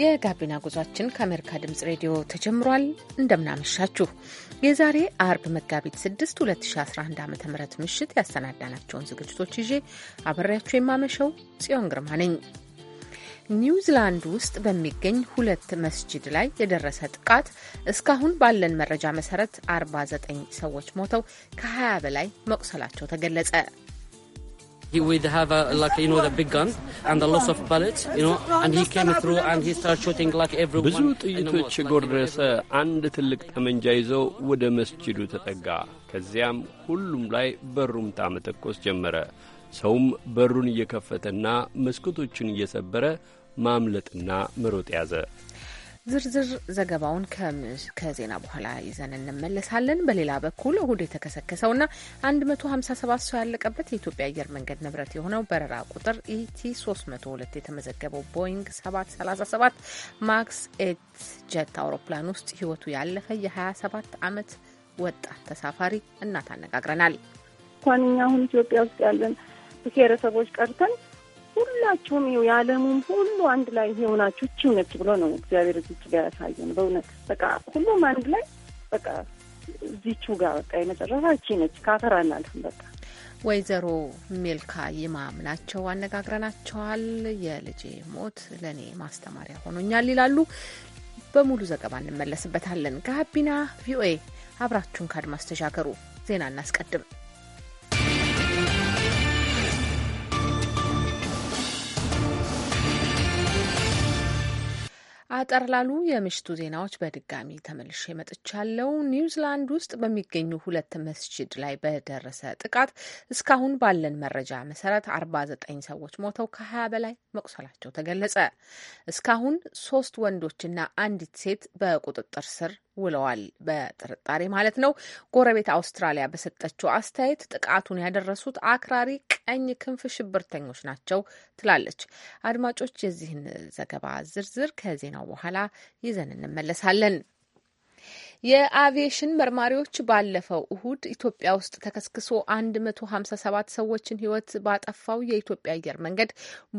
የጋቢና ጉዟችን ከአሜሪካ ድምጽ ሬዲዮ ተጀምሯል። እንደምናመሻችሁ የዛሬ አርብ መጋቢት 6 2011 ዓ ም ምሽት ያሰናዳናቸውን ዝግጅቶች ይዤ አበሬያችሁ የማመሸው ጽዮን ግርማ ነኝ። ኒውዚላንድ ውስጥ በሚገኝ ሁለት መስጂድ ላይ የደረሰ ጥቃት እስካሁን ባለን መረጃ መሰረት 49 ሰዎች ሞተው ከ20 በላይ መቁሰላቸው ተገለጸ። He would have a, like you know the big gun and a lot of bullets, you know, and he came through and he started shooting like everyone. ብዙ ጥይቶች ጎረሰ። አንድ ትልቅ ጠመንጃ ይዞ ወደ መስጂዱ ተጠጋ። ከዚያም ሁሉም ላይ በሩም መተኮስ ጀመረ። ሰውም በሩን እየከፈተና መስኮቶቹን እየሰበረ ማምለጥና መሮጥ ያዘ። ዝርዝር ዘገባውን ከዜና በኋላ ይዘን እንመለሳለን። በሌላ በኩል እሁድ የተከሰከሰውና 157 ሰው ያለቀበት የኢትዮጵያ አየር መንገድ ንብረት የሆነው በረራ ቁጥር ኢቲ 302 የተመዘገበው ቦይንግ 737 ማክስ ኤት ጀት አውሮፕላን ውስጥ ህይወቱ ያለፈ የ27 ዓመት ወጣት ተሳፋሪ እናት አነጋግረናል። እንኳን እኛ አሁን ኢትዮጵያ ውስጥ ያለን ብሔረሰቦች ቀርተን ሁላችሁም ይኸው የዓለሙም ሁሉ አንድ ላይ የሆናችሁ እቺው ነች ብሎ ነው እግዚአብሔር እዚች ጋር ያሳየን። በእውነት በቃ ሁሉም አንድ ላይ በቃ እዚችው ጋር በቃ የመጨረሻ እቺ ነች። ካፈራ አናልፍም በቃ ወይዘሮ ሜልካ ይማም ናቸው አነጋግረናቸዋል። የልጄ ሞት ለእኔ ማስተማሪያ ሆኖኛል ይላሉ። በሙሉ ዘገባ እንመለስበታለን። ጋቢና ቪኦኤ አብራችሁን ከአድማስ ተሻገሩ። ዜና እናስቀድም። አጠር ላሉ የምሽቱ ዜናዎች በድጋሚ ተመልሼ መጥቻለሁ። ኒውዚላንድ ውስጥ በሚገኙ ሁለት መስጅድ ላይ በደረሰ ጥቃት እስካሁን ባለን መረጃ መሰረት 49 ሰዎች ሞተው ከ20 በላይ መቁሰላቸው ተገለጸ። እስካሁን ሶስት ወንዶችና አንዲት ሴት በቁጥጥር ስር ውለዋል። በጥርጣሬ ማለት ነው። ጎረቤት አውስትራሊያ በሰጠችው አስተያየት ጥቃቱን ያደረሱት አክራሪ ቀኝ ክንፍ ሽብርተኞች ናቸው ትላለች። አድማጮች፣ የዚህን ዘገባ ዝርዝር ከዜናው በኋላ ይዘን እንመለሳለን። የአቪዬሽን መርማሪዎች ባለፈው እሁድ ኢትዮጵያ ውስጥ ተከስክሶ 157 ሰዎችን ሕይወት ባጠፋው የኢትዮጵያ አየር መንገድ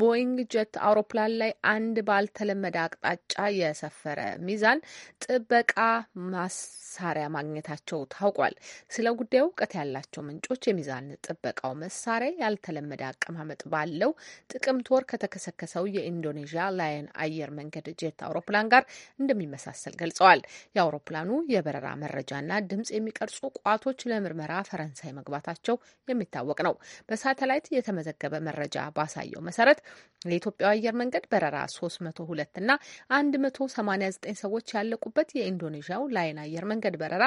ቦይንግ ጀት አውሮፕላን ላይ አንድ ባልተለመደ አቅጣጫ የሰፈረ ሚዛን ጥበቃ መሳሪያ ማግኘታቸው ታውቋል። ስለ ጉዳዩ እውቀት ያላቸው ምንጮች የሚዛን ጥበቃው መሳሪያ ያልተለመደ አቀማመጥ ባለው ጥቅምት ወር ከተከሰከሰው የኢንዶኔዥያ ላየን አየር መንገድ ጀት አውሮፕላን ጋር እንደሚመሳሰል ገልጸዋል። የአውሮፕላኑ የበረራ መረጃና ድምጽ የሚቀርጹ ቋቶች ለምርመራ ፈረንሳይ መግባታቸው የሚታወቅ ነው። በሳተላይት የተመዘገበ መረጃ ባሳየው መሰረት የኢትዮጵያ አየር መንገድ በረራ 302 እና 189 ሰዎች ያለቁበት የኢንዶኔዥያው ላይን አየር መንገድ በረራ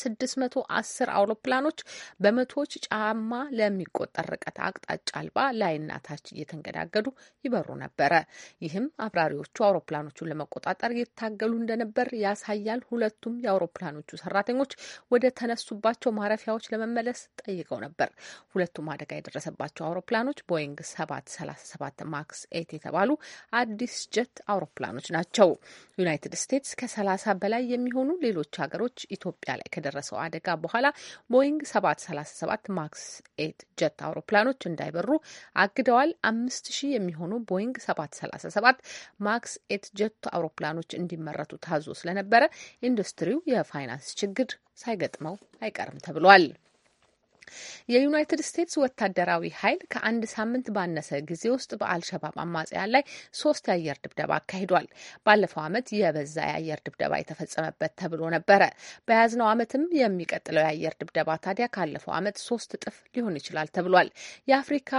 ስድስት መቶ አስር አውሮፕላኖች በመቶዎች ጫማ ለሚቆጠር ርቀት አቅጣጫ አልባ ላይና ታች እየተንገዳገዱ ይበሩ ነበረ። ይህም አብራሪዎቹ አውሮፕላኖቹን ለመቆጣጠር ይታገሉ እንደነበር ያሳያል። ሁለቱም የአውሮፕላኖቹ ሰራተኞች ወደ ተነሱባቸው ማረፊያዎች ለመመለስ ጠይቀው ነበር። ሁለቱም አደጋ የደረሰባቸው አውሮፕላኖች ቦይንግ 737 ማክስ ኤት የተባሉ አዲስ ጀት አውሮፕላኖች ናቸው። ዩናይትድ ስቴትስ ከ30 በላይ የሚሆኑ ሌሎች ሀገሮች ኢትዮጵያ ላይ ከደረሰው አደጋ በኋላ ቦይንግ 737 ማክስ ኤት ጀት አውሮፕላኖች እንዳይበሩ አግደዋል። አምስት ሺህ የሚሆኑ ቦይንግ 737 ማክስ ኤት ጀት አውሮፕላኖች እንዲመረቱ ታዞ ስለነበረ ኢንዱስትሪው የፋይናንስ ችግር ሳይገጥመው አይቀርም ተብሏል። የዩናይትድ ስቴትስ ወታደራዊ ኃይል ከአንድ ሳምንት ባነሰ ጊዜ ውስጥ በአልሸባብ አማጽያን ላይ ሶስት የአየር ድብደባ አካሂዷል። ባለፈው ዓመት የበዛ የአየር ድብደባ የተፈጸመበት ተብሎ ነበረ። በያዝነው ዓመትም የሚቀጥለው የአየር ድብደባ ታዲያ ካለፈው ዓመት ሶስት እጥፍ ሊሆን ይችላል ተብሏል። የአፍሪካ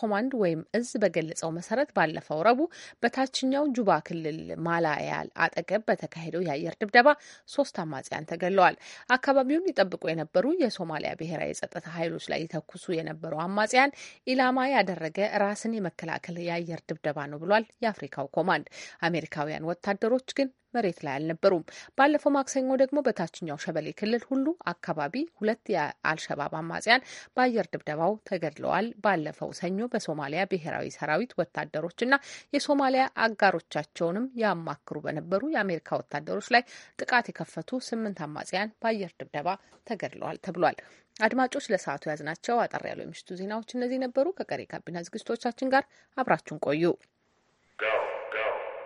ኮማንድ ወይም እዝ በገለጸው መሰረት ባለፈው ረቡዕ በታችኛው ጁባ ክልል ማላያል አጠገብ በተካሄደው የአየር ድብደባ ሶስት አማጽያን ተገለዋል። አካባቢውን ይጠብቁ የነበሩ የሶማሊያ ብሔራዊ የጸጥታ ኃይሎች ላይ ይተኩሱ የነበሩ አማጽያን ኢላማ ያደረገ ራስን የመከላከል የአየር ድብደባ ነው ብሏል የአፍሪካው ኮማንድ። አሜሪካውያን ወታደሮች ግን መሬት ላይ አልነበሩም። ባለፈው ማክሰኞ ደግሞ በታችኛው ሸበሌ ክልል ሁሉ አካባቢ ሁለት የአልሸባብ አማጽያን በአየር ድብደባው ተገድለዋል። ባለፈው ሰኞ በሶማሊያ ብሔራዊ ሰራዊት ወታደሮችና የሶማሊያ አጋሮቻቸውንም ያማክሩ በነበሩ የአሜሪካ ወታደሮች ላይ ጥቃት የከፈቱ ስምንት አማጽያን በአየር ድብደባ ተገድለዋል ተብሏል። አድማጮች ለሰዓቱ ያዝናቸው አጠር ያሉ የምሽቱ ዜናዎች እነዚህ ነበሩ። ከቀሪ ካቢና ዝግጅቶቻችን ጋር አብራችሁን ቆዩ።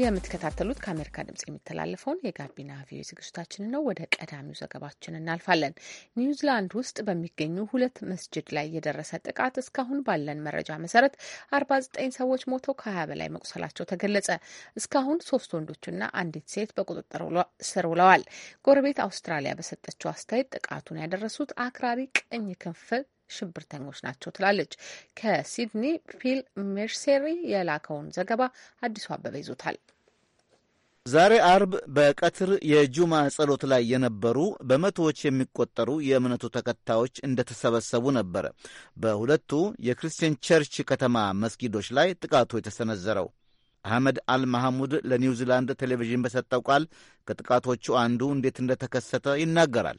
የምትከታተሉት ከአሜሪካ ድምጽ የሚተላለፈውን የጋቢና ቪዮ ዝግጅታችን ነው። ወደ ቀዳሚው ዘገባችን እናልፋለን። ኒውዚላንድ ውስጥ በሚገኙ ሁለት መስጅድ ላይ የደረሰ ጥቃት እስካሁን ባለን መረጃ መሰረት አርባ ዘጠኝ ሰዎች ሞተው ከሀያ በላይ መቁሰላቸው ተገለጸ። እስካሁን ሶስት ወንዶችና አንዲት ሴት በቁጥጥር ስር ውለዋል። ጎረቤት አውስትራሊያ በሰጠችው አስተያየት ጥቃቱን ያደረሱት አክራሪ ቀኝ ክንፍል ሽብርተኞች ናቸው ትላለች። ከሲድኒ ፊል ሜርሴሪ የላከውን ዘገባ አዲሱ አበበ ይዞታል። ዛሬ አርብ በቀትር የጁማ ጸሎት ላይ የነበሩ በመቶዎች የሚቆጠሩ የእምነቱ ተከታዮች እንደተሰበሰቡ ነበር በሁለቱ የክርስቲያን ቸርች ከተማ መስጊዶች ላይ ጥቃቱ የተሰነዘረው። አህመድ አል ማሐሙድ ለኒውዚላንድ ቴሌቪዥን በሰጠው ቃል ከጥቃቶቹ አንዱ እንዴት እንደተከሰተ ይናገራል።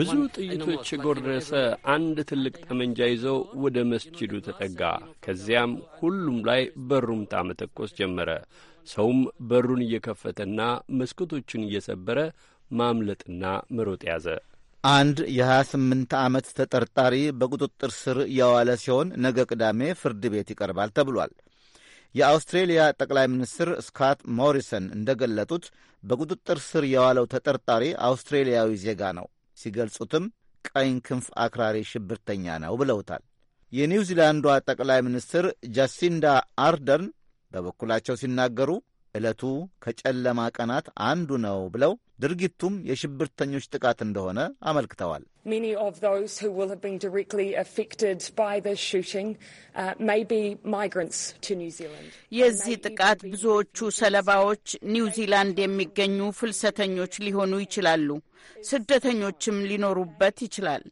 ብዙ ጥይቶች የጎረሰ አንድ ትልቅ ጠመንጃ ይዘው ወደ መስጂዱ ተጠጋ። ከዚያም ሁሉም ላይ በሩምታ መተኮስ ጀመረ። ሰውም በሩን እየከፈተና መስኮቶቹን እየሰበረ ማምለጥና መሮጥ ያዘ። አንድ የ28 ዓመት ተጠርጣሪ በቁጥጥር ስር የዋለ ሲሆን ነገ ቅዳሜ ፍርድ ቤት ይቀርባል ተብሏል። የአውስትሬሊያ ጠቅላይ ሚኒስትር ስካት ሞሪሰን እንደገለጡት በቁጥጥር ስር የዋለው ተጠርጣሪ አውስትሬሊያዊ ዜጋ ነው። ሲገልጹትም ቀኝ ክንፍ አክራሪ ሽብርተኛ ነው ብለውታል። የኒውዚላንዷ ጠቅላይ ሚኒስትር ጃሲንዳ አርደርን በበኩላቸው ሲናገሩ ዕለቱ ከጨለማ ቀናት አንዱ ነው ብለው ድርጊቱም የሽብርተኞች ጥቃት እንደሆነ አመልክተዋል። uh, የዚህ ጥቃት ብዙዎቹ ሰለባዎች ኒውዚላንድ የሚገኙ ፍልሰተኞች ሊሆኑ ይችላሉ። ስደተኞችም ሊኖሩበት ይችላል።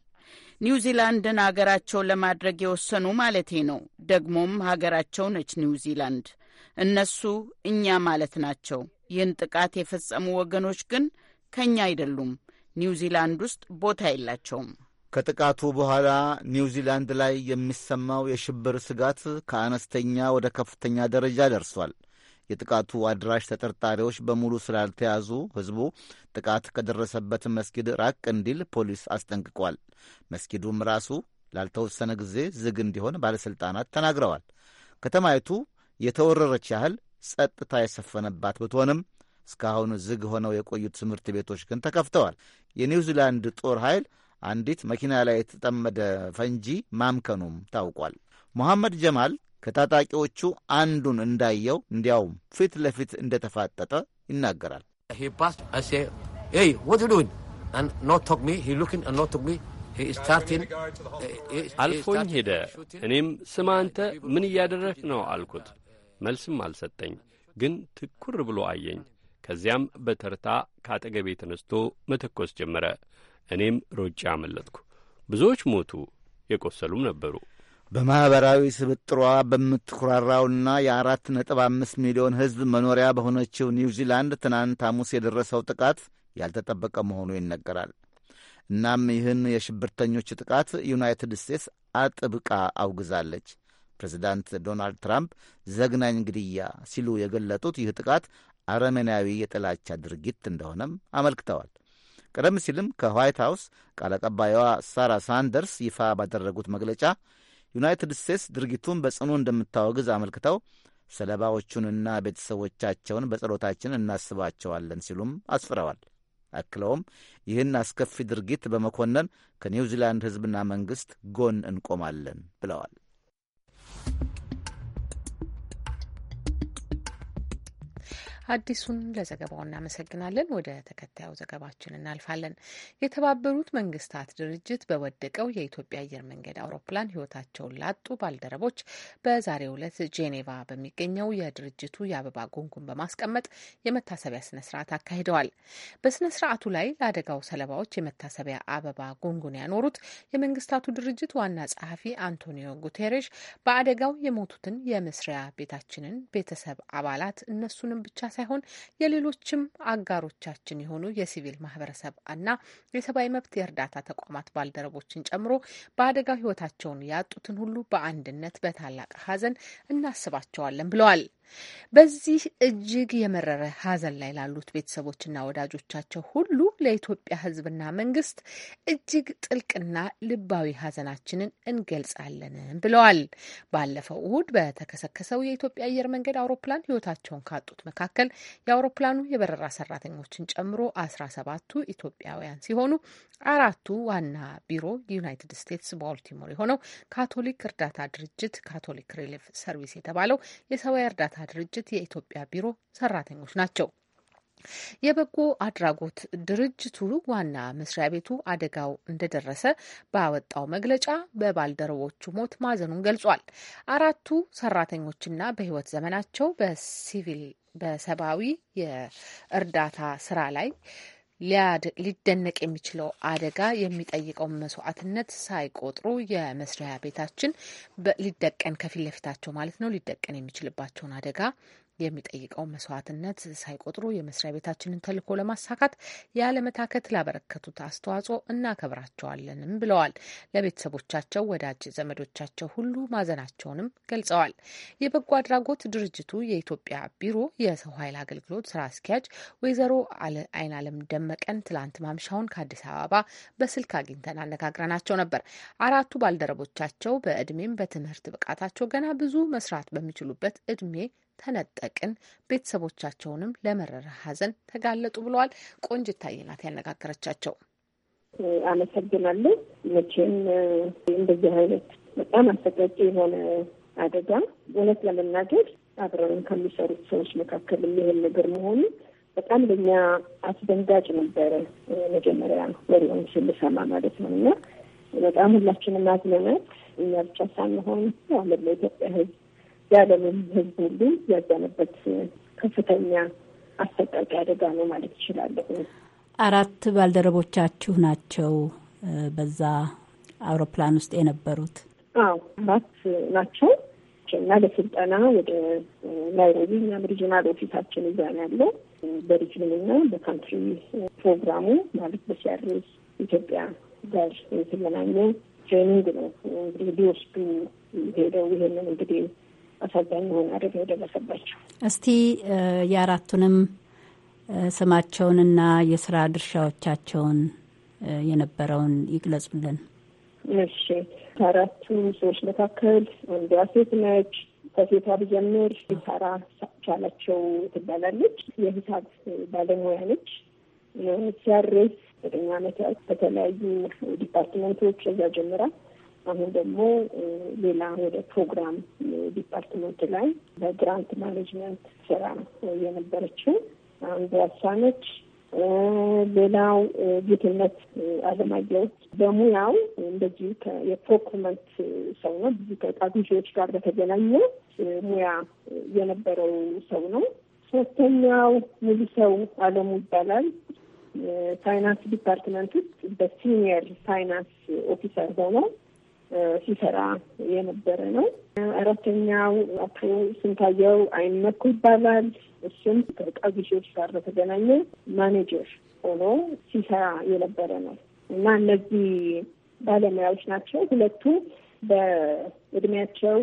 ኒውዚላንድን ሀገራቸው ለማድረግ የወሰኑ ማለቴ ነው። ደግሞም ሀገራቸው ነች ኒውዚላንድ እነሱ እኛ ማለት ናቸው። ይህን ጥቃት የፈጸሙ ወገኖች ግን ከእኛ አይደሉም። ኒውዚላንድ ውስጥ ቦታ የላቸውም። ከጥቃቱ በኋላ ኒውዚላንድ ላይ የሚሰማው የሽብር ስጋት ከአነስተኛ ወደ ከፍተኛ ደረጃ ደርሷል። የጥቃቱ አድራሽ ተጠርጣሪዎች በሙሉ ስላልተያዙ ሕዝቡ ጥቃት ከደረሰበት መስጊድ ራቅ እንዲል ፖሊስ አስጠንቅቋል። መስጊዱም ራሱ ላልተወሰነ ጊዜ ዝግ እንዲሆን ባለሥልጣናት ተናግረዋል። ከተማይቱ የተወረረች ያህል ጸጥታ የሰፈነባት ብትሆንም እስካሁን ዝግ ሆነው የቆዩት ትምህርት ቤቶች ግን ተከፍተዋል። የኒውዚላንድ ጦር ኃይል አንዲት መኪና ላይ የተጠመደ ፈንጂ ማምከኑም ታውቋል። ሞሐመድ ጀማል ከታጣቂዎቹ አንዱን እንዳየው እንዲያውም ፊት ለፊት እንደተፋጠጠ ይናገራል። uh, አልፎኝ ሄደ። እኔም ስማ አንተ ምን እያደረግ ነው አልኩት። መልስም አልሰጠኝ፣ ግን ትኩር ብሎ አየኝ። ከዚያም በተርታ ከአጠገቤ ተነስቶ መተኮስ ጀመረ። እኔም ሮጬ አመለጥኩ። ብዙዎች ሞቱ፣ የቆሰሉም ነበሩ። በማኅበራዊ ስብጥሯ በምትኩራራውና የአራት ነጥብ አምስት ሚሊዮን ሕዝብ መኖሪያ በሆነችው ኒውዚላንድ ትናንት ሐሙስ የደረሰው ጥቃት ያልተጠበቀ መሆኑ ይነገራል። እናም ይህን የሽብርተኞች ጥቃት ዩናይትድ ስቴትስ አጥብቃ አውግዛለች። ፕሬዚዳንት ዶናልድ ትራምፕ ዘግናኝ ግድያ ሲሉ የገለጡት ይህ ጥቃት አረመናዊ የጥላቻ ድርጊት እንደሆነም አመልክተዋል። ቀደም ሲልም ከዋይት ሃውስ ቃል አቀባይዋ ሳራ ሳንደርስ ይፋ ባደረጉት መግለጫ ዩናይትድ ስቴትስ ድርጊቱን በጽኑ እንደምታወግዝ አመልክተው ሰለባዎቹንና ቤተሰቦቻቸውን በጸሎታችን እናስባቸዋለን ሲሉም አስፍረዋል። አክለውም ይህን አስከፊ ድርጊት በመኮነን ከኒውዚላንድ ሕዝብና መንግሥት ጎን እንቆማለን ብለዋል። አዲሱን ለዘገባው እናመሰግናለን። ወደ ተከታዩ ዘገባችን እናልፋለን። የተባበሩት መንግስታት ድርጅት በወደቀው የኢትዮጵያ አየር መንገድ አውሮፕላን ህይወታቸውን ላጡ ባልደረቦች በዛሬው ዕለት ጄኔቫ በሚገኘው የድርጅቱ የአበባ ጉንጉን በማስቀመጥ የመታሰቢያ ስነ ስርዓት አካሂደዋል። በስነ ስርዓቱ ላይ ለአደጋው ሰለባዎች የመታሰቢያ አበባ ጉንጉን ያኖሩት የመንግስታቱ ድርጅት ዋና ጸሐፊ አንቶኒዮ ጉቴሬሽ በአደጋው የሞቱትን የመስሪያ ቤታችንን ቤተሰብ አባላት እነሱንም ብቻ ሳይሆን የሌሎችም አጋሮቻችን የሆኑ የሲቪል ማህበረሰብ እና የሰብአዊ መብት የእርዳታ ተቋማት ባልደረቦችን ጨምሮ በአደጋው ህይወታቸውን ያጡትን ሁሉ በአንድነት በታላቅ ሐዘን እናስባቸዋለን ብለዋል። በዚህ እጅግ የመረረ ሀዘን ላይ ላሉት ቤተሰቦችና ወዳጆቻቸው ሁሉ ለኢትዮጵያ ሕዝብና መንግስት እጅግ ጥልቅና ልባዊ ሀዘናችንን እንገልጻለን ብለዋል። ባለፈው እሁድ በተከሰከሰው የኢትዮጵያ አየር መንገድ አውሮፕላን ህይወታቸውን ካጡት መካከል የአውሮፕላኑ የበረራ ሰራተኞችን ጨምሮ አስራ ሰባቱ ኢትዮጵያውያን ሲሆኑ አራቱ ዋና ቢሮ ዩናይትድ ስቴትስ ባልቲሞር የሆነው ካቶሊክ እርዳታ ድርጅት ካቶሊክ ሪሊፍ ሰርቪስ የተባለው የሰብአዊ እርዳታ የእርዳታ ድርጅት የኢትዮጵያ ቢሮ ሰራተኞች ናቸው። የበጎ አድራጎት ድርጅቱ ዋና መስሪያ ቤቱ አደጋው እንደደረሰ ባወጣው መግለጫ በባልደረቦቹ ሞት ማዘኑን ገልጿል። አራቱ ሰራተኞችና በሕይወት ዘመናቸው በሲቪል በሰብአዊ የእርዳታ ስራ ላይ ሊደነቅ የሚችለው አደጋ የሚጠይቀው መስዋዕትነት ሳይቆጥሩ የመስሪያ ቤታችን ሊደቀን ከፊት ለፊታቸው ማለት ነው ሊደቀን የሚችልባቸውን አደጋ የሚጠይቀው መስዋዕትነት ሳይቆጥሩ የመስሪያ ቤታችንን ተልዕኮ ለማሳካት ያለመታከት ላበረከቱት አስተዋጽኦ እናከብራቸዋለንም ብለዋል። ለቤተሰቦቻቸው፣ ወዳጅ ዘመዶቻቸው ሁሉ ማዘናቸውንም ገልጸዋል። የበጎ አድራጎት ድርጅቱ የኢትዮጵያ ቢሮ የሰው ኃይል አገልግሎት ስራ አስኪያጅ ወይዘሮ አይናለም ደመቀን ትላንት ማምሻውን ከአዲስ አበባ በስልክ አግኝተን አነጋግረናቸው ነበር። አራቱ ባልደረቦቻቸው በእድሜም በትምህርት ብቃታቸው ገና ብዙ መስራት በሚችሉበት እድሜ ተነጠቅን፣ ቤተሰቦቻቸውንም ለመረረ ሀዘን ተጋለጡ ብለዋል። ቆንጅታዬ ናት ያነጋገረቻቸው። አመሰግናለሁ። መቼም እንደዚህ አይነት በጣም አሰቃቂ የሆነ አደጋ እውነት ለመናገር አብረን ከሚሰሩት ሰዎች መካከል የሚሆን ነገር መሆኑ በጣም ለኛ አስደንጋጭ ነበረ። መጀመሪያ ወሬውን ስንሰማ ማለት ነው እና በጣም ሁላችንም አዝነናል። እኛ ብቻ ሳንሆን ያለ ለኢትዮጵያ ሕዝብ የዓለምም ህዝብ ሁሉ ያዘነበት ከፍተኛ አሰቃቂ አደጋ ነው ማለት ይችላለሁ። አራት ባልደረቦቻችሁ ናቸው በዛ አውሮፕላን ውስጥ የነበሩት? አዎ አራት ናቸው እና ለስልጠና ወደ ናይሮቢ እኛም ሪጅናል ኦፊሳችን እዛ ነው ያለው። በሪጅናል እና በካንትሪ ፕሮግራሙ ማለት በሲያርስ ኢትዮጵያ ጋር የተገናኘ ትሬኒንግ ነው እንግዲህ ሊወስዱ ሄደው ይሄንን እንግዲህ አሳዛኝ የሆነ አደጋ የደረሰባቸው። እስቲ የአራቱንም ስማቸውንና የስራ ድርሻዎቻቸውን የነበረውን ይግለጹልን። እሺ፣ ከአራቱ ሰዎች መካከል አንዷ ሴት ነች። ከሴቷ ብጀምር ሳራ ቻላቸው ትባላለች። የሂሳብ ባለሙያ ነች። ሲያርስ ዘጠኝ ዓመታት በተለያዩ ዲፓርትመንቶች እዛ ጀምራል አሁን ደግሞ ሌላ ወደ ፕሮግራም ዲፓርትመንት ላይ በግራንት ማኔጅመንት ስራ የነበረችው አንዱ አሳነች። ሌላው ጌትነት አለማየሁ በሙያው እንደዚሁ የፕሮክመንት ሰው ነው። ብዙ ከዕቃ ጋር በተገናኘ ሙያ የነበረው ሰው ነው። ሶስተኛው ሙሉ ሰው አለሙ ይባላል። ፋይናንስ ዲፓርትመንት ውስጥ በሲኒየር ፋይናንስ ኦፊሰር ሆነው ሲሰራ የነበረ ነው። አራተኛው አቶ ስንታየው አይመኩ ይባላል። እሱም ከቃዚሾች ጋር በተገናኘ ማኔጀር ሆኖ ሲሰራ የነበረ ነው እና እነዚህ ባለሙያዎች ናቸው። ሁለቱ በእድሜያቸው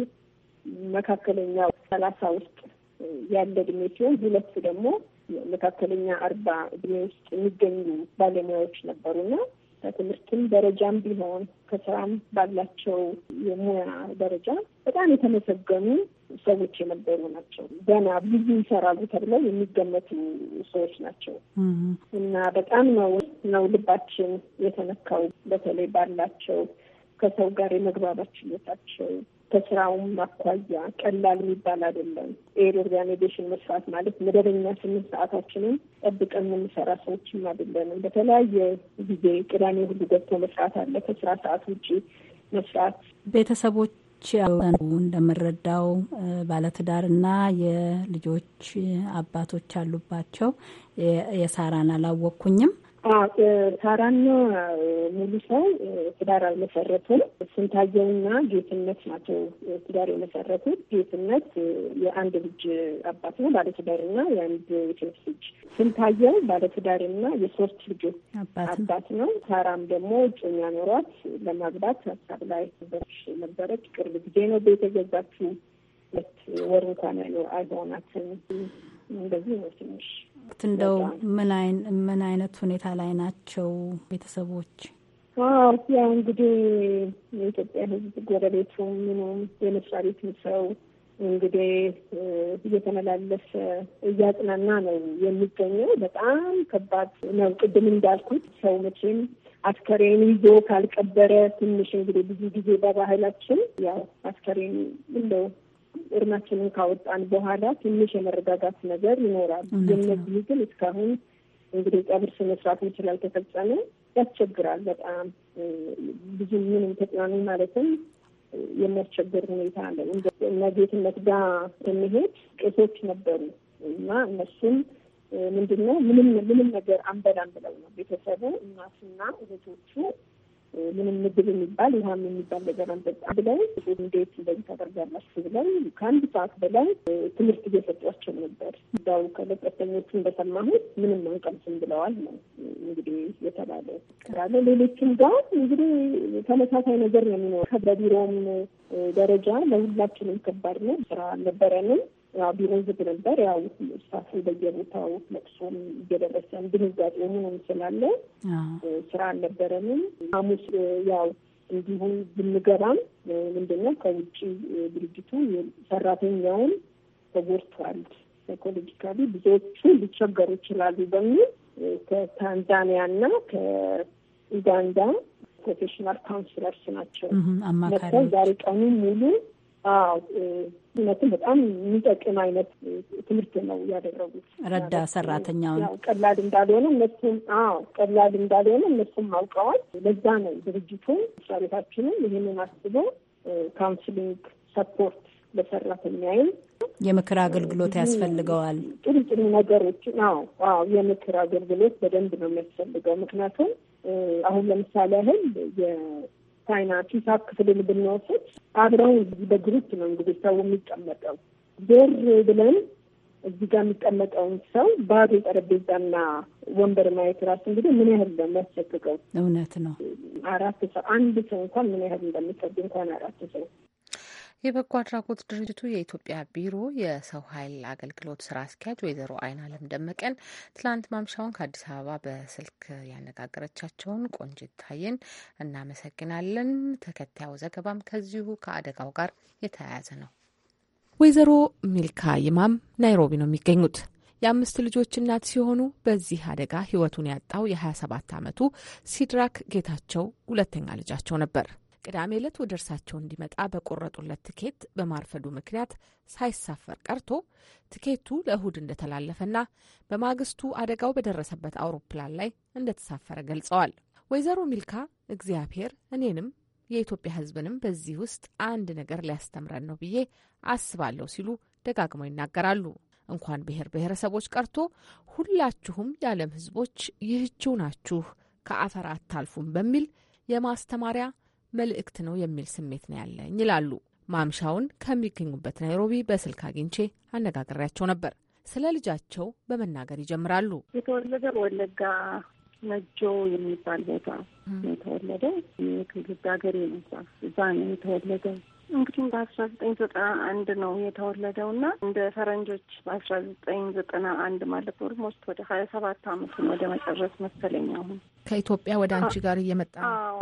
መካከለኛው ሰላሳ ውስጥ ያለ እድሜ ሲሆን ሁለቱ ደግሞ መካከለኛ አርባ እድሜ ውስጥ የሚገኙ ባለሙያዎች ነበሩና ከትምህርትም ደረጃም ቢሆን ከስራም ባላቸው የሙያ ደረጃ በጣም የተመሰገኑ ሰዎች የነበሩ ናቸው። ገና ብዙ ይሰራሉ ተብለው የሚገመቱ ሰዎች ናቸው እና በጣም ነው ነው ልባችን የተነካው በተለይ ባላቸው ከሰው ጋር የመግባባት ችሎታቸው ከስራውም አኳያ ቀላል የሚባል አይደለም። ኤድ ኦርጋናይዜሽን መስራት ማለት መደበኛ ስምንት ሰዓታችንን ጠብቀን የምንሰራ ሰዎችም አይደለንም። በተለያየ ጊዜ ቅዳሜ ሁሉ ገብቶ መስራት አለ፣ ከስራ ሰዓት ውጭ መስራት። ቤተሰቦች እንደምረዳው ባለትዳርና የልጆች አባቶች አሉባቸው። የሳራን አላወቅኩኝም ታራና ሙሉ ሰው ትዳር አልመሰረቱም። ስንታየውና ጌትነት ናቸው ትዳር የመሰረቱት። ጌትነት የአንድ ልጅ አባት ነው፣ ባለትዳርና የአንድ የትንሽ ልጅ። ስንታየው ባለትዳርና የሶስት ልጆች አባት ነው። ታራም ደግሞ እጮኛ ኖሯት ለማግባት ሀሳብ ላይ ነበረች። ቅርብ ጊዜ ነው ቤት የገዛችው። ሁለት ወር እንኳን አይሆናትም። እንደዚህ ነው ትንሽ እንደው ምን አይነት ሁኔታ ላይ ናቸው ቤተሰቦች? ያው እንግዲህ የኢትዮጵያ ሕዝብ ጎረቤቱ ምኑም የመስሪያ ቤቱም ሰው እንግዲህ እየተመላለሰ እያጽናና ነው የሚገኘው። በጣም ከባድ ነው። ቅድም እንዳልኩት ሰው መቼም አስከሬን ይዞ ካልቀበረ ትንሽ እንግዲህ ብዙ ጊዜ በባህላችን ያው አስከሬን እንደው እርማችንን ካወጣን በኋላ ትንሽ የመረጋጋት ነገር ይኖራል። የነዚህ ግን እስካሁን እንግዲህ ቀብር ስነስርዓት ተፈጸመ ያስቸግራል። በጣም ብዙ ምንም ተጽናኑ ማለትም የሚያስቸግር ሁኔታ አለ። እና ጌትነት ጋር የሚሄድ ቄሶች ነበሩ እና እነሱም ምንድነው ምንም ምንም ነገር አንበላም ብለው ነው ቤተሰቡ እናትና እህቶቹ ምንም ምግብ የሚባል ውሃም የሚባል ነገር አንጠጣም ብለን እንዴት እንደዚህ ታደርጋላችሁ ብለን ከአንድ ሰዓት በላይ ትምህርት እየሰጧቸው ነበር። እዛው ከለቀተኞቹ እንደሰማሁት ምንም አንቀምስም ብለዋል ነው እንግዲህ የተባለ ያለ ሌሎችም ጋር እንግዲህ ተመሳሳይ ነገር ነው የሚኖር። በቢሮም ደረጃ ለሁላችንም ከባድ ነው። ስራ አልነበረንም። ቢሮ ዝግ ነበር። ያው ሳፍ በየቦታው ለቅሶም እየደረሰን ድንጋጤ ሆኖም ስላለ ስራ አልነበረንም። ሐሙስ ያው እንዲሁም ብንገባም ምንድነው ከውጭ ድርጅቱ ሰራተኛውን ተጎድቷል፣ ሳይኮሎጂካሊ ብዙዎቹ ሊቸገሩ ይችላሉ በሚል ከታንዛኒያ እና ከኡጋንዳ ፕሮፌሽናል ካውንስለርስ ናቸው መጥተው ዛሬ ቀኑ ሙሉ እውነትም በጣም የሚጠቅም አይነት ትምህርት ነው ያደረጉት። ረዳ ሰራተኛውን ቀላል እንዳልሆነ እነሱም ቀላል እንዳልሆነ እነሱም አውቀዋል። ለዛ ነው ድርጅቱን ስራ ቤታችንም ይህንን አስቦ ካውንስሊንግ ሰፖርት ለሰራተኛይም የምክር አገልግሎት ያስፈልገዋል። ጥሩ ጥሩ ነገሮች አዎ የምክር አገልግሎት በደንብ ነው የሚያስፈልገው። ምክንያቱም አሁን ለምሳሌ ያህል ቻይና ፒሳክ ክፍልን ብንወስድ አብረው እዚህ በግሩፕ ነው እንግዲህ ሰው የሚቀመጠው። ዞር ብለን እዚህ ጋር የሚቀመጠውን ሰው ባዶ ጠረጴዛና ወንበር ማየት ራሱ እንግዲህ ምን ያህል እንደሚያስቸግቀው እውነት ነው። አራት ሰው አንድ ሰው እንኳን ምን ያህል እንደሚቀዱ እንኳን አራት ሰው የበጎ አድራጎት ድርጅቱ የኢትዮጵያ ቢሮ የሰው ኃይል አገልግሎት ስራ አስኪያጅ ወይዘሮ አይን አለም ደመቀን ትላንት ማምሻውን ከአዲስ አበባ በስልክ ያነጋገረቻቸውን ቆንጅት ታየን እናመሰግናለን። ተከታዩ ዘገባም ከዚሁ ከአደጋው ጋር የተያያዘ ነው። ወይዘሮ ሚልካ ይማም ናይሮቢ ነው የሚገኙት። የአምስት ልጆች እናት ሲሆኑ በዚህ አደጋ ህይወቱን ያጣው የ27 ዓመቱ ሲድራክ ጌታቸው ሁለተኛ ልጃቸው ነበር። ቅዳሜ ዕለት ወደ እርሳቸው እንዲመጣ በቆረጡለት ትኬት በማርፈዱ ምክንያት ሳይሳፈር ቀርቶ ትኬቱ ለእሁድ እንደተላለፈና በማግስቱ አደጋው በደረሰበት አውሮፕላን ላይ እንደተሳፈረ ገልጸዋል። ወይዘሮ ሚልካ እግዚአብሔር እኔንም የኢትዮጵያ ሕዝብንም በዚህ ውስጥ አንድ ነገር ሊያስተምረን ነው ብዬ አስባለሁ ሲሉ ደጋግመው ይናገራሉ። እንኳን ብሔር ብሔረሰቦች ቀርቶ ሁላችሁም የዓለም ሕዝቦች ይህችው ናችሁ፣ ከአፈር አታልፉም በሚል የማስተማሪያ መልእክት ነው የሚል ስሜት ነው ያለኝ ይላሉ። ማምሻውን ከሚገኙበት ናይሮቢ በስልክ አግኝቼ አነጋግሬያቸው ነበር። ስለ ልጃቸው በመናገር ይጀምራሉ። የተወለደ ወለጋ ነጆ የሚባል ቦታ የተወለደ። የትውልድ ሀገሬ ነው እዛ ነው የተወለደው እንግዲህ በአስራ ዘጠኝ ዘጠና አንድ ነው የተወለደው እና እንደ ፈረንጆች በአስራ ዘጠኝ ዘጠና አንድ ማለት ኦልሞስት ወደ ሀያ ሰባት አመቱን ወደ መጨረስ መሰለኝ አሁን ከኢትዮጵያ ወደ አንቺ ጋር እየመጣ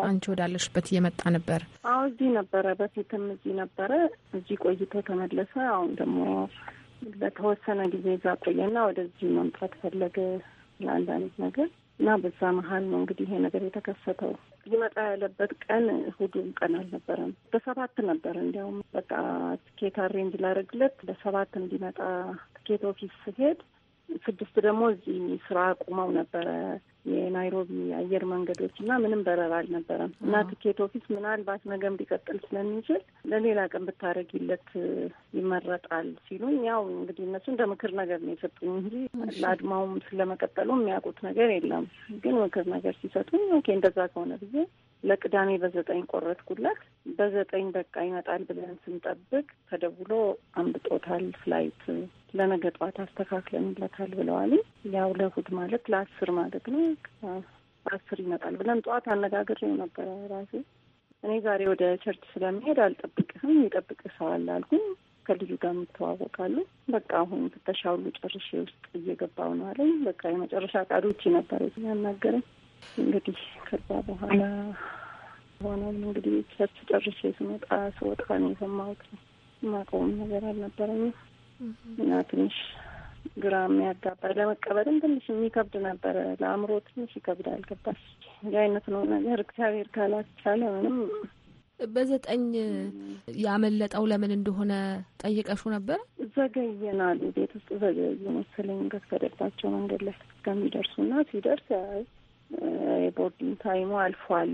አንቺ ወዳለሽበት እየመጣ ነበር። አዎ እዚህ ነበረ፣ በፊትም እዚህ ነበረ። እዚህ ቆይቶ ተመለሰ። አሁን ደግሞ ለተወሰነ ጊዜ እዛ ቆየና ወደዚህ መምጣት ፈለገ ለአንዳንድ ነገር እና በዛ መሀል ነው እንግዲህ ይሄ ነገር የተከሰተው። ይመጣ ያለበት ቀን እሑዱም ቀን አልነበረም። በሰባት ነበር። እንዲያውም በቃ ትኬት አሬንጅ ላደርግለት በሰባት እንዲመጣ ትኬት ኦፊስ ስሄድ ስድስት ደግሞ እዚህ ስራ ቁመው ነበረ የናይሮቢ አየር መንገዶች እና ምንም በረራ አልነበረም እና ትኬት ኦፊስ ምናልባት ነገም ሊቀጥል ስለሚችል ለሌላ ቀን ብታደርጊለት ይመረጣል ሲሉኝ፣ ያው እንግዲህ እነሱ እንደ ምክር ነገር ነው የሰጡኝ እንጂ ለአድማውም ስለመቀጠሉ የሚያውቁት ነገር የለም። ግን ምክር ነገር ሲሰጡኝ ኦኬ እንደዛ ከሆነ ብዬ ለቅዳሜ በዘጠኝ ቆረጥኩለት። በዘጠኝ በቃ ይመጣል ብለን ስንጠብቅ ተደውሎ አምብጦታል። ፍላይት ለነገ ጠዋት አስተካክለንለታል ብለዋል። ያው ለእሑድ ማለት ለአስር ማለት ነው። አስር ይመጣል ብለን ጠዋት አነጋግሬው ነበረ ራሴ እኔ ዛሬ ወደ ቸርች ስለመሄድ አልጠብቅህም፣ ይጠብቅህ ሰው አለ አልኩኝ። ከልጁ ጋር የምተዋወቃሉ። በቃ አሁን ፍተሻ ሁሉ ጨርሼ ውስጥ እየገባው ነው አለኝ። በቃ የመጨረሻ ቃዶች ነበር ያናገረኝ። እንግዲህ ከዛ በኋላ ሆኖም እንግዲህ ቸርች ጨርሼ ስመጣ ስወጣ ነው የሰማሁት። የማውቀውም ነገር አልነበረኝም እና ትንሽ ግራ የሚያጋባ ለመቀበልም ትንሽ የሚከብድ ነበረ። ለአእምሮ ትንሽ ይከብዳል። ገባሽ? እንዲህ አይነት ነው ነገር። እግዚአብሔር ካላቻለ ምንም በዘጠኝ ያመለጠው ለምን እንደሆነ ጠይቀሹ ነበር? ዘገየናል ቤት ውስጥ ዘገየ መሰለኝ። ከስከደባቸው መንገድ ላይ እስከሚደርሱና ሲደርስ የቦርዲንግ ታይሙ አልፏል፣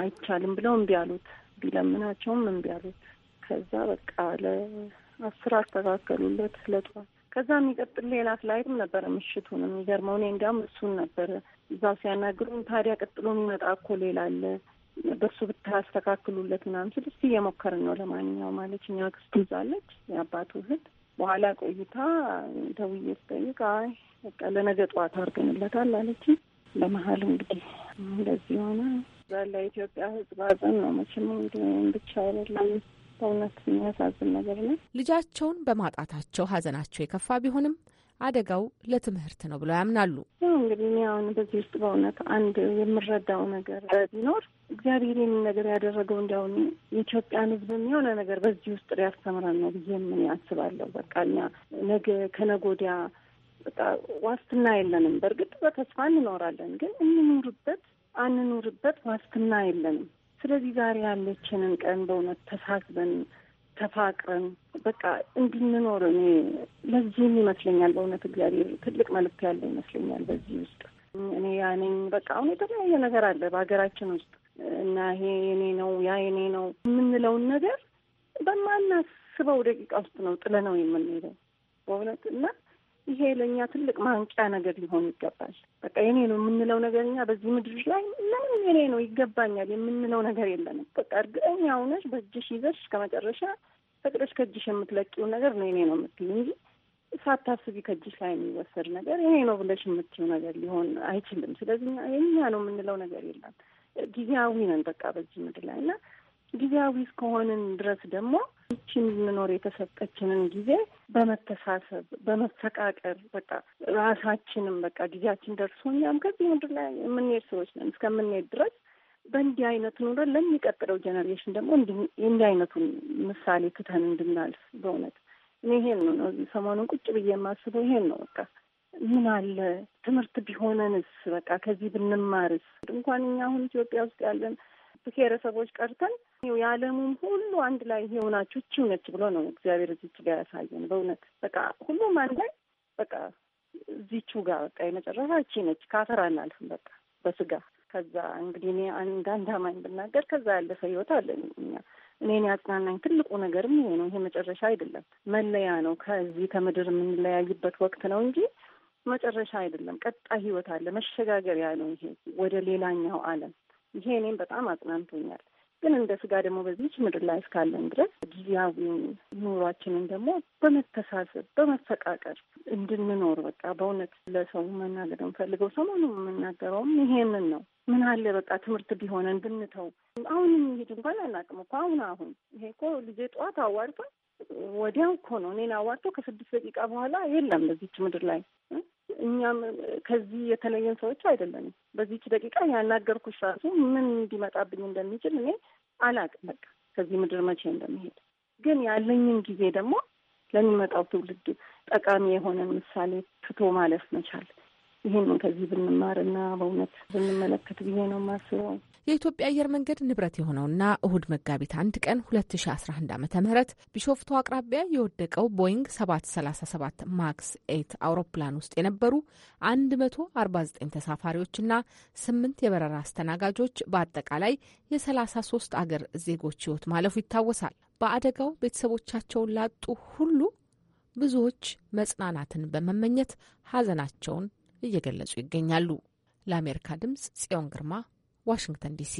አይቻልም ብለው እምቢ አሉት። ቢለምናቸውም እምቢ አሉት። ከዛ በቃ ለአስር አስተካከሉለት ለጧት። ከዛ የሚቀጥል ሌላ ፍላይትም ነበረ ምሽቱን። የሚገርመው እኔ እንዲያውም እሱን ነበረ እዛ ሲያናግሩም፣ ታዲያ ቀጥሎ የሚመጣ እኮ ሌላ አለ በእሱ ብታስተካክሉለት ምናምን ስል እስቲ እየሞከርን ነው ለማንኛውም ማለች እኛ ክስቱ ይዛለች የአባቱ እህት። በኋላ ቆይታ ደውዬ ስጠይቅ አይ በቃ ለነገ ጠዋት አድርገንለታል አለችኝ። በመሀል እንግዲህ እንደዚህ ሆነ። ዛላ ኢትዮጵያ ህዝብ ሐዘን ነው መቼም ብቻ አይደለም። በእውነት የሚያሳዝን ነገር ነው። ልጃቸውን በማጣታቸው ሀዘናቸው የከፋ ቢሆንም አደጋው ለትምህርት ነው ብለው ያምናሉ። ያው እንግዲህ እኔ አሁን በዚህ ውስጥ በእውነት አንድ የምረዳው ነገር ቢኖር እግዚአብሔር ይህን ነገር ያደረገው እንዲያውም የኢትዮጵያን ህዝብ የሚሆነ ነገር በዚህ ውስጥ ሊያስተምረን ነው ብዬ ምን ያስባለሁ። በቃ እኛ ነገ ከነጎዲያ በቃ ዋስትና የለንም። በእርግጥ በተስፋ እንኖራለን፣ ግን እንኑርበት አንኑርበት ዋስትና የለንም። ስለዚህ ዛሬ ያለችንን ቀን በእውነት ተሳስበን ተፋቅረን በቃ እንድንኖር እኔ ለዚህም ይመስለኛል በእውነት እግዚአብሔር ትልቅ መልክት ያለ ይመስለኛል በዚህ ውስጥ እኔ ያነኝ በቃ አሁን የተለያየ ነገር አለ በሀገራችን ውስጥ እና ይሄ የኔ ነው ያ የኔ ነው የምንለውን ነገር በማናስበው ደቂቃ ውስጥ ነው ጥለ ነው የምንሄደው በእውነት እና ይሄ ለእኛ ትልቅ ማንቂያ ነገር ሊሆን ይገባል። በቃ የኔ ነው የምንለው ነገር እኛ በዚህ ምድር ላይ ለምን የኔ ነው ይገባኛል የምንለው ነገር የለንም። በቃ እርግጠኛ ሆነሽ በእጅሽ ይዘሽ ከመጨረሻ ፈቅደሽ ከእጅሽ የምትለቂውን ነገር ነው የኔ ነው የምትል እንጂ ሳታስቢ ከእጅሽ ላይ የሚወሰድ ነገር የኔ ነው ብለሽ የምትይው ነገር ሊሆን አይችልም። ስለዚህ የኛ ነው የምንለው ነገር የለም። ጊዜያዊ ነን በቃ በዚህ ምድር ላይ እና ጊዜያዊ እስከሆንን ድረስ ደግሞ ይቺ እንድንኖር የተሰጠችንን ጊዜ በመተሳሰብ በመፈቃቀር በቃ ራሳችንም በቃ ጊዜያችን ደርሶ እኛም ከዚህ ምድር ላይ የምንሄድ ሰዎች ነን። እስከምንሄድ ድረስ በእንዲህ አይነት ኑሮ ለሚቀጥለው ጀኔሬሽን ደግሞ እንዲህ አይነቱን ምሳሌ ትተን እንድናልፍ በእውነት እኔ ይሄን ነው ሰሞኑን ቁጭ ብዬ የማስበው ይሄን ነው በቃ ምን አለ ትምህርት ቢሆነንስ በቃ ከዚህ ብንማርስ እንኳን እኛ አሁን ኢትዮጵያ ውስጥ ያለን ብሔረሰቦች ቀርተን የዓለሙም ሁሉ አንድ ላይ የሆናችሁ እቺው ነች ብሎ ነው እግዚአብሔር እዚች ጋር ያሳየን። በእውነት በቃ ሁሉም አንድ ላይ በቃ እዚቹ ጋር በቃ የመጨረሻ እቺ ነች። ካፈር አናልፍም በቃ በስጋ ከዛ እንግዲህ እኔ አንድ አንድ አማኝ ብናገር ከዛ ያለፈ ህይወት አለን እኛ እኔን ያጽናናኝ ትልቁ ነገርም ይሄ ነው። ይሄ መጨረሻ አይደለም፣ መለያ ነው። ከዚህ ከምድር የምንለያይበት ወቅት ነው እንጂ መጨረሻ አይደለም። ቀጣይ ህይወት አለ፣ መሸጋገሪያ ነው። ይሄ ወደ ሌላኛው ዓለም ይሄ እኔም በጣም አጽናንቶኛል። ግን እንደ ስጋ ደግሞ በዚች ምድር ላይ እስካለን ድረስ ጊዜያዊ ኑሯችንን ደግሞ በመተሳሰብ በመፈቃቀር እንድንኖር በቃ በእውነት ለሰው መናገር የምፈልገው ሰሞኑ የምናገረውም ይሄንን ነው። ምን አለ በቃ ትምህርት ቢሆነን ብንተው። አሁን የሚሄድ እንኳን አናውቅም እኮ አሁን አሁን ይሄ እኮ ልጄ ጠዋት አዋርቷል ወዲያው እኮ ነው እኔን አዋጡ ከስድስት ደቂቃ በኋላ የለም በዚች ምድር ላይ እኛም ከዚህ የተለየን ሰዎች አይደለንም። በዚች ደቂቃ ያናገርኩሽ ራሱ ምን እንዲመጣብኝ እንደሚችል እኔ አላቅም። በቃ ከዚህ ምድር መቼ እንደሚሄድ ግን ያለኝን ጊዜ ደግሞ ለሚመጣው ትውልድ ጠቃሚ የሆነን ምሳሌ ትቶ ማለፍ መቻል ይህንን ከዚህ ብንማርና በእውነት ብንመለከት ብዬ ነው የማስበው። የኢትዮጵያ አየር መንገድ ንብረት የሆነውና እሁድ መጋቢት አንድ ቀን 2011 ዓ ም ቢሾፍቱ አቅራቢያ የወደቀው ቦይንግ 737 ማክስ 8 አውሮፕላን ውስጥ የነበሩ 149 ተሳፋሪዎችና 8 የበረራ አስተናጋጆች በአጠቃላይ የ33 አገር ዜጎች ሕይወት ማለፉ ይታወሳል። በአደጋው ቤተሰቦቻቸውን ላጡ ሁሉ ብዙዎች መጽናናትን በመመኘት ሐዘናቸውን እየገለጹ ይገኛሉ። ለአሜሪካ ድምፅ ጽዮን ግርማ ዋሽንግተን ዲሲ።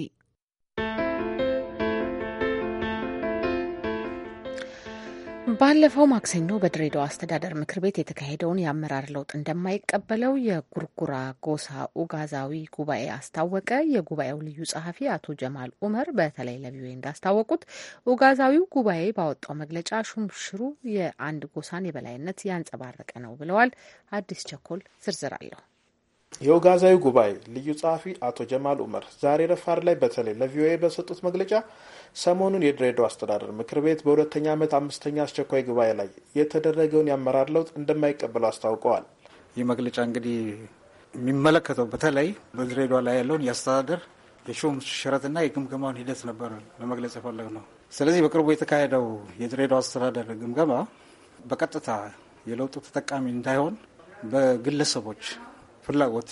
ባለፈው ማክሰኞ በድሬዳዋ አስተዳደር ምክር ቤት የተካሄደውን የአመራር ለውጥ እንደማይቀበለው የጉርጉራ ጎሳ ኡጋዛዊ ጉባኤ አስታወቀ። የጉባኤው ልዩ ጸሐፊ አቶ ጀማል ኡመር በተለይ ለቪኦኤ እንዳስታወቁት ኡጋዛዊው ጉባኤ ባወጣው መግለጫ ሹምሽሩ የአንድ ጎሳን የበላይነት ያንጸባረቀ ነው ብለዋል። አዲስ ቸኮል ዝርዝር አለሁ የኡጋዛዊ ጉባኤ ልዩ ጸሐፊ አቶ ጀማል ኡመር ዛሬ ረፋድ ላይ በተለይ ለቪኦኤ በሰጡት መግለጫ ሰሞኑን የድሬዳዋ አስተዳደር ምክር ቤት በሁለተኛ ዓመት አምስተኛ አስቸኳይ ጉባኤ ላይ የተደረገውን የአመራር ለውጥ እንደማይቀበሉ አስታውቀዋል። ይህ መግለጫ እንግዲህ የሚመለከተው በተለይ በድሬዳዋ ላይ ያለውን የአስተዳደር የሹም ሽረትና የግምገማውን ሂደት ነበር ለመግለጽ የፈለግ ነው። ስለዚህ በቅርቡ የተካሄደው የድሬዳዋ አስተዳደር ግምገማ በቀጥታ የለውጡ ተጠቃሚ እንዳይሆን በግለሰቦች ፍላጎት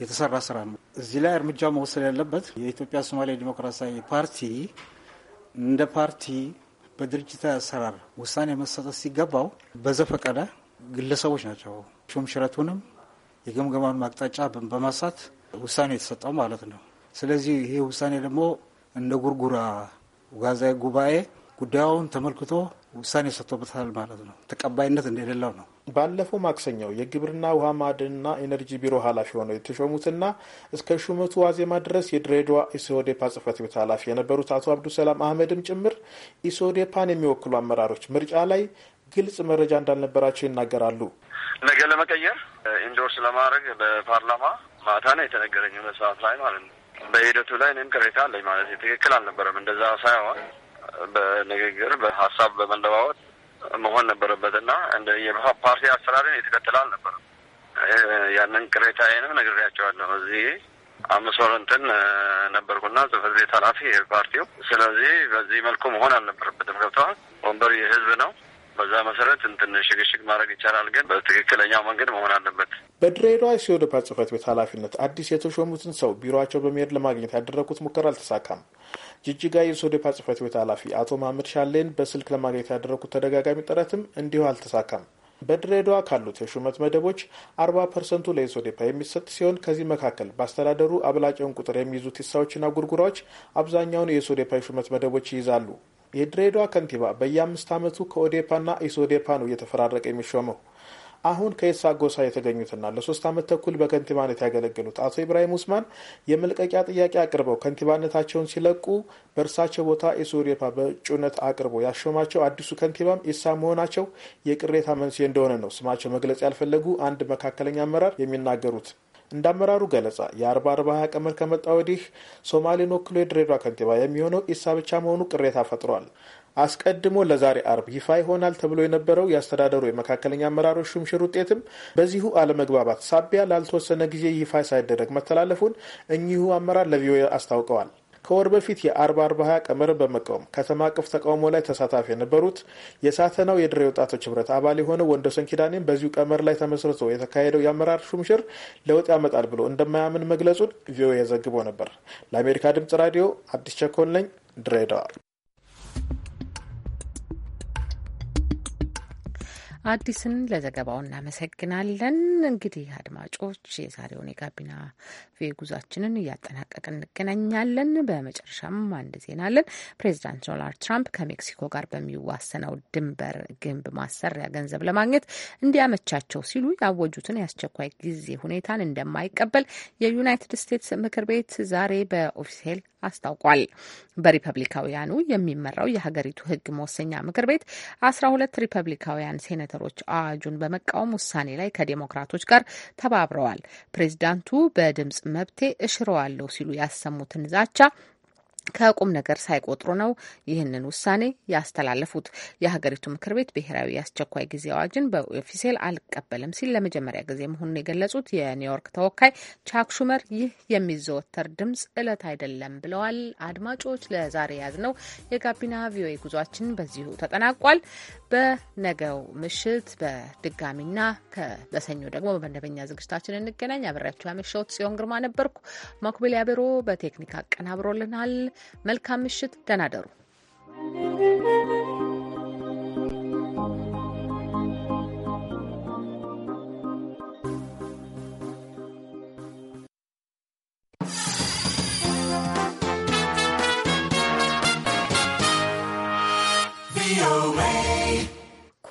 የተሰራ ስራ ነው። እዚህ ላይ እርምጃ መወሰድ ያለበት የኢትዮጵያ ሶማሌ ዲሞክራሲያዊ ፓርቲ እንደ ፓርቲ በድርጅታዊ አሰራር ውሳኔ መሰጠት ሲገባው በዘፈቀደ ግለሰቦች ናቸው ሽረቱንም የግምገማን ማቅጣጫ በማሳት ውሳኔ የተሰጠው ማለት ነው። ስለዚህ ይህ ውሳኔ ደግሞ እንደ ጉርጉራ ጋዛይ ጉባኤ ጉዳዩን ተመልክቶ ውሳኔ ሰጥቶበታል ማለት ነው። ተቀባይነት እንደሌለው ነው። ባለፈው ማክሰኛው የግብርና ውሃ ማዕድንና ኤነርጂ ቢሮ ኃላፊ ሆነው የተሾሙትና እስከ ሹመቱ ዋዜማ ድረስ የድሬዳዋ ኢሶዴፓ ጽህፈት ቤት ኃላፊ የነበሩት አቶ አብዱሰላም አህመድም ጭምር ኢሶዴፓን የሚወክሉ አመራሮች ምርጫ ላይ ግልጽ መረጃ እንዳልነበራቸው ይናገራሉ። ነገ ለመቀየር ኢንዶርስ ለማድረግ በፓርላማ ማታ ነው የተነገረኝ፣ ሁለት ሰዓት ላይ ማለት ነው። በሂደቱ ላይ እኔም ቅሬታ አለኝ ማለት ትክክል አልነበረም እንደዛ ሳይሆን በንግግር በሀሳብ በመለዋወጥ መሆን ነበረበትና እንደ ፓርቲ አሰራርን የተከተለ አልነበረም። ያንን ቅሬታዬንም ነግሬያቸዋለሁ። እዚህ አምስት ወር እንትን ነበርኩና ጽህፈት ቤት ኃላፊ ፓርቲው። ስለዚህ በዚህ መልኩ መሆን አልነበረበትም። ገብተዋል። ወንበር የህዝብ ነው። በዛ መሰረት እንትን ሽግሽግ ማድረግ ይቻላል፣ ግን በትክክለኛው መንገድ መሆን አለበት። በድሬዳዋ ሲወደፓ ጽህፈት ቤት ኃላፊነት አዲስ የተሾሙትን ሰው ቢሮቸው በመሄድ ለማግኘት ያደረጉት ሙከራ አልተሳካም። ጅጅጋ የሶዴፓ ጽህፈት ቤት ኃላፊ አቶ መሀመድ ሻሌን በስልክ ለማግኘት ያደረጉት ተደጋጋሚ ጥረትም እንዲሁ አልተሳካም። በድሬዳዋ ካሉት የሹመት መደቦች አርባ ፐርሰንቱ ለኢሶዴፓ የሚሰጥ ሲሆን ከዚህ መካከል በአስተዳደሩ አብላጫውን ቁጥር የሚይዙት ቲሳዎችና ጉርጉራዎች አብዛኛውን የኢሶዴፓ የሹመት መደቦች ይይዛሉ። የድሬዳዋ ከንቲባ በየአምስት ዓመቱ ከኦዴፓና ኢሶዴፓ ነው እየተፈራረቀ የሚሾመው። አሁን ከኢሳ ጎሳ የተገኙትና ለሶስት ዓመት ተኩል በከንቲባነት ያገለገሉት አቶ ኢብራሂም ውስማን የመልቀቂያ ጥያቄ አቅርበው ከንቲባነታቸውን ሲለቁ በእርሳቸው ቦታ ኢሶሪፓ በእጩነት አቅርቦ ያሾማቸው አዲሱ ከንቲባም ኢሳ መሆናቸው የቅሬታ መንስኤ እንደሆነ ነው ስማቸው መግለጽ ያልፈለጉ አንድ መካከለኛ አመራር የሚናገሩት። እንደ አመራሩ ገለጻ የአርባ አርባ ሀያ ቀመር ከመጣ ወዲህ ሶማሌን ወክሎ የድሬዳዋ ከንቲባ የሚሆነው ኢሳ ብቻ መሆኑ ቅሬታ ፈጥሯል። አስቀድሞ ለዛሬ አርብ ይፋ ይሆናል ተብሎ የነበረው የአስተዳደሩ የመካከለኛ አመራሮች ሹምሽር ውጤትም በዚሁ አለመግባባት ሳቢያ ላልተወሰነ ጊዜ ይፋ ሳይደረግ መተላለፉን እኚሁ አመራር ለቪኦኤ አስታውቀዋል። ከወር በፊት የአርባ አርባ ሀያ ቀመርን በመቃወም ከተማ አቀፍ ተቃውሞ ላይ ተሳታፊ የነበሩት የሳተናው የድሬ ወጣቶች ህብረት አባል የሆነው ወንደሰን ኪዳኔም በዚሁ ቀመር ላይ ተመስርቶ የተካሄደው የአመራር ሹምሽር ለውጥ ያመጣል ብሎ እንደማያምን መግለጹን ቪኦኤ ዘግቦ ነበር። ለአሜሪካ ድምጽ ራዲዮ አዲስ ቸኮን ነኝ ድሬዳዋ። አዲስን ለዘገባው እናመሰግናለን። እንግዲህ አድማጮች የዛሬውን የጋቢና ቪ ጉዟችንን እያጠናቀቅ እንገናኛለን። በመጨረሻም አንድ ዜና አለን። ፕሬዚዳንት ዶናልድ ትራምፕ ከሜክሲኮ ጋር በሚዋሰነው ድንበር ግንብ ማሰሪያ ገንዘብ ለማግኘት እንዲያመቻቸው ሲሉ ያወጁትን የአስቸኳይ ጊዜ ሁኔታን እንደማይቀበል የዩናይትድ ስቴትስ ምክር ቤት ዛሬ በኦፊሴል አስታውቋል። በሪፐብሊካውያኑ የሚመራው የሀገሪቱ ሕግ መወሰኛ ምክር ቤት አስራ ሁለት ሪፐብሊካውያን ሴኔ ሴናተሮች አዋጁን በመቃወም ውሳኔ ላይ ከዴሞክራቶች ጋር ተባብረዋል። ፕሬዚዳንቱ በድምፅ መብቴ እሽረዋለሁ ሲሉ ያሰሙትን ዛቻ ከቁም ነገር ሳይቆጥሩ ነው ይህንን ውሳኔ ያስተላለፉት። የሀገሪቱ ምክር ቤት ብሔራዊ የአስቸኳይ ጊዜ አዋጅን በኦፊሴል አልቀበልም ሲል ለመጀመሪያ ጊዜ መሆኑን የገለጹት የኒውዮርክ ተወካይ ቻክ ሹመር ይህ የሚዘወተር ድምፅ እለት አይደለም ብለዋል። አድማጮች፣ ለዛሬ ነው። የጋቢና ቪኦኤ ጉዟችን በዚሁ ተጠናቋል። በነገው ምሽት በድጋሚና በሰኞ ደግሞ በመደበኛ ዝግጅታችን እንገናኝ። አብሬያችሁ ያመሸሁት ጽዮን ግርማ ነበርኩ። ማኩቤል ያቤሮ በቴክኒክ አቀናብሮልናል። መልካም ምሽት፣ ደህና ደሩ።